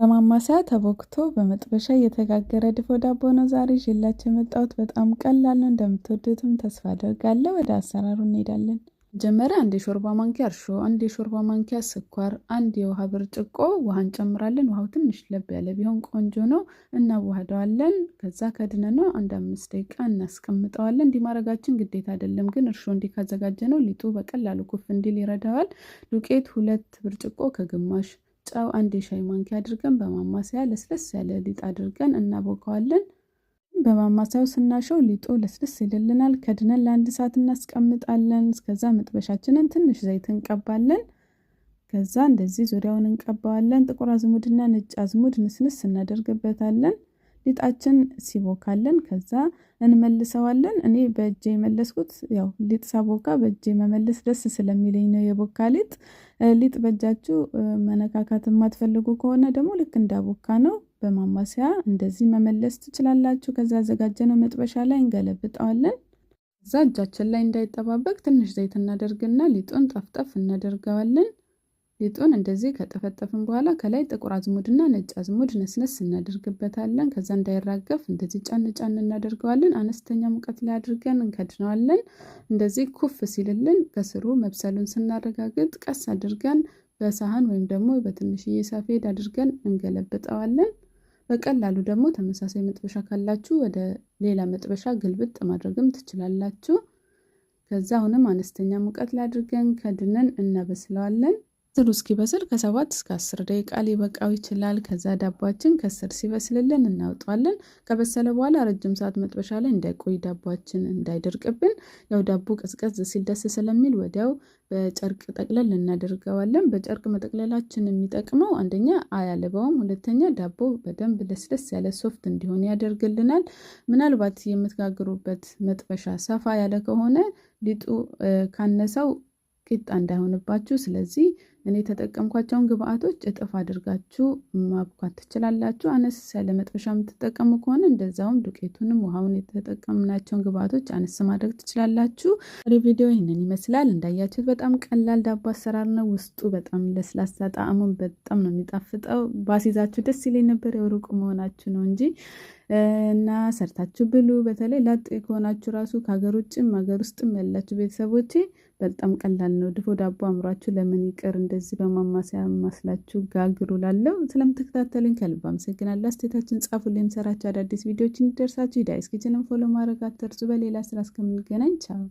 በማማሰያ ተቦክቶ በመጥበሻ እየተጋገረ ድፎ ዳቦ ነው ዛሬ ይዤላችሁ የመጣሁት። በጣም ቀላል ነው፣ እንደምትወዱትም ተስፋ አደርጋለሁ። ወደ አሰራሩ እንሄዳለን። መጀመሪያ አንድ የሾርባ ማንኪያ እርሾ፣ አንድ የሾርባ ማንኪያ ስኳር፣ አንድ የውሃ ብርጭቆ ውሃ እንጨምራለን። ውሃው ትንሽ ለብ ያለ ቢሆን ቆንጆ ነው። እናዋህደዋለን። ከዛ ከድነ ነው አንድ አምስት ደቂቃ እናስቀምጠዋለን። እንዲህ ማድረጋችን ግዴታ አይደለም፣ ግን እርሾ እንዲህ ካዘጋጀ ነው ሊጡ በቀላሉ ኩፍ እንዲል ይረዳዋል። ዱቄት ሁለት ብርጭቆ ከግማሽ ጨው አንድ የሻይ ማንኪያ አድርገን በማማሰያ ለስለስ ያለ ሊጥ አድርገን እናቦከዋለን። በማማሰያው ስናሸው ሊጡ ለስለስ ይልልናል። ከድነን ለአንድ ሰዓት እናስቀምጣለን። እስከዛ መጥበሻችንን ትንሽ ዘይት እንቀባለን። ከዛ እንደዚህ ዙሪያውን እንቀባዋለን። ጥቁር አዝሙድና ነጭ አዝሙድ ንስንስ እናደርግበታለን። ሊጣችን ሲቦካለን ከዛ እንመልሰዋለን። እኔ በእጄ የመለስኩት ያው ሊጥ ሳቦካ በእጄ መመለስ ደስ ስለሚለኝ ነው የቦካ ሊጥ። ሊጥ በእጃችሁ መነካካት የማትፈልጉ ከሆነ ደግሞ ልክ እንዳቦካ ነው በማማሰያ እንደዚህ መመለስ ትችላላችሁ። ከዛ ያዘጋጀነው መጥበሻ ላይ እንገለብጠዋለን። እዛ እጃችን ላይ እንዳይጠባበቅ ትንሽ ዘይት እናደርግና ሊጡን ጠፍጠፍ እናደርገዋለን። ሊጡን እንደዚህ ከጠፈጠፍን በኋላ ከላይ ጥቁር አዝሙድ እና ነጭ አዝሙድ ነስነስ እናደርግበታለን። ከዛ እንዳይራገፍ እንደዚህ ጫን ጫን እናደርገዋለን። አነስተኛ ሙቀት ላይ አድርገን እንከድነዋለን። እንደዚህ ኩፍ ሲልልን ከስሩ መብሰሉን ስናረጋግጥ ቀስ አድርገን በሳህን ወይም ደግሞ በትንሽዬ ሰፌድ አድርገን እንገለብጠዋለን። በቀላሉ ደግሞ ተመሳሳይ መጥበሻ ካላችሁ ወደ ሌላ መጥበሻ ግልብጥ ማድረግም ትችላላችሁ። ከዛ አሁንም አነስተኛ ሙቀት ላይ አድርገን ከድነን እናበስለዋለን። ክትሉ እስኪበስል ከሰባት እስከ አስር ደቂቃ ሊበቃው ይችላል። ከዛ ዳቧችን ከስር ሲበስልልን እናውጠዋለን። ከበሰለ በኋላ ረጅም ሰዓት መጥበሻ ላይ እንዳይቆይ ዳቧችን እንዳይደርቅብን፣ ያው ዳቦ ቀዝቀዝ ሲል ደስ ስለሚል ወዲያው በጨርቅ ጠቅለል እናደርገዋለን። በጨርቅ መጠቅለላችን የሚጠቅመው አንደኛ አያልበውም፣ ሁለተኛ ዳቦ በደንብ ለስለስ ያለ ሶፍት እንዲሆን ያደርግልናል። ምናልባት የምትጋግሩበት መጥበሻ ሰፋ ያለ ከሆነ ሊጡ ካነሰው ቂጣ እንዳይሆንባችሁ ስለዚህ እኔ የተጠቀምኳቸውን ግብአቶች እጥፍ አድርጋችሁ ማብኳት ትችላላችሁ። አነስ ያለ መጥበሻ የምትጠቀሙ ከሆነ እንደዛውም ዱቄቱንም ውሃውን የተጠቀምናቸውን ግብአቶች አነስ ማድረግ ትችላላችሁ። ቪዲዮ ይህንን ይመስላል። እንዳያችሁት በጣም ቀላል ዳቦ አሰራር ነው። ውስጡ በጣም ለስላሳ፣ ጣዕሙን በጣም ነው የሚጣፍጠው። ባሲዛችሁ ደስ ይለኝ ነበር። የሩቅ መሆናችሁ ነው እንጂ እና ሰርታችሁ ብሉ። በተለይ ላጤ ከሆናችሁ ራሱ ከሀገር ውጭም ሀገር ውስጥም ያላችሁ ቤተሰቦቼ በጣም ቀላል ነው። ድፎ ዳቦ አምሯችሁ ለምን ይቅር እንደዚህ በማማሰያ መስላችሁ ጋግሩ። ላለው ስለምትከታተሉኝ ከልብ አመሰግናለሁ። አስተያየታችሁን ጻፉልኝ። የምሰራቸው አዳዲስ ቪዲዮዎች እንዲደርሳችሁ ዳይስ ኪችንን ፎሎ ማድረግ አትርሱ። በሌላ ስራ እስከምንገናኝ ቻው።